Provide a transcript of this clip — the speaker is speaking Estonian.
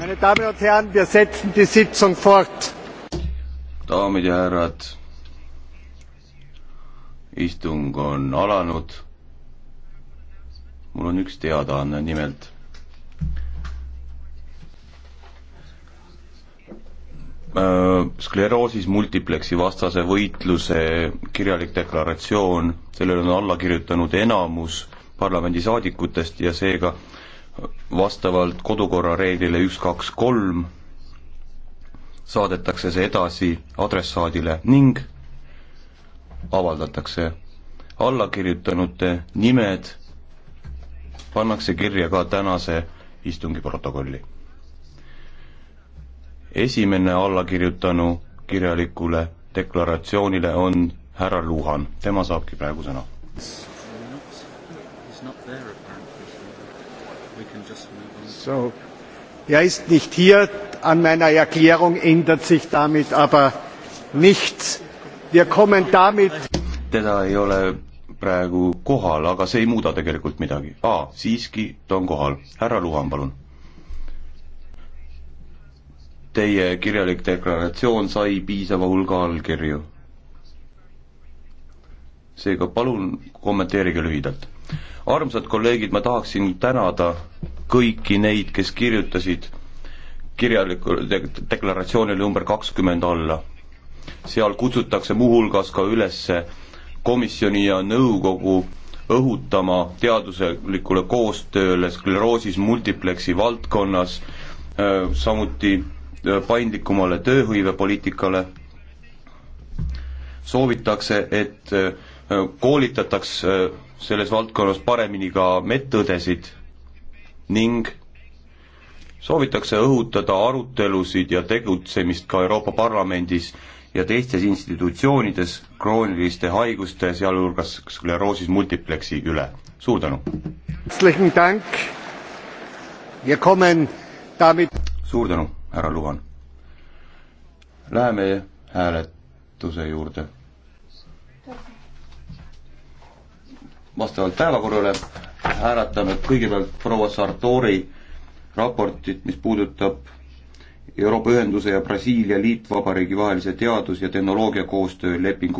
Meine Damen und Herren, wir setzen die Sitzung fort. daamid ja härrad, istung on alanud. mul on üks teadaanne, nimelt. Äh, skleroosis multipleksi vastase võitluse kirjalik deklaratsioon, sellele on alla kirjutanud enamus parlamendisaadikutest ja seega vastavalt kodukorra reeglile üks, kaks, kolm saadetakse see edasi adressaadile ning avaldatakse. allakirjutanute nimed pannakse kirja ka tänase istungi protokolli. esimene allakirjutanu kirjalikule deklaratsioonile on härra Luhan, tema saabki praegu sõna. He's not there apparently er ist nicht hier an meiner erklärung ändert sich damit aber nichts. teda ei ole praegu kohal aga see ei muuda tegelikult midagi aa ah, siiski ta on kohal härra luhan palun teie kirjalik deklaratsioon sai piisava hulga allkirju seega palun kommenteerige lühidalt armsad kolleegid ma tahaksin tänada kõiki neid, kes kirjutasid kirjalikule deklaratsioonile number kakskümmend alla. seal kutsutakse muuhulgas ka üles komisjoni ja nõukogu õhutama teaduslikule koostööle skleroosis multiplexi valdkonnas, äh, samuti äh, paindlikumale tööhõivepoliitikale. soovitakse, et äh, koolitataks selles valdkonnas paremini ka medõdesid ning soovitakse õhutada arutelusid ja tegutsemist ka Euroopa Parlamendis ja teistes institutsioonides krooniliste haiguste, sealhulgas skleroosis multiplexi üle. suur tänu! suur tänu, härra Luhan! Läheme hääletuse juurde. vastavalt päevakorrale hääletame kõigepealt proua Sartori raportit, mis puudutab Euroopa Ühenduse ja Brasiilia Liitvabariigi vahelise teadus- ja tehnoloogiakoostöö lepingu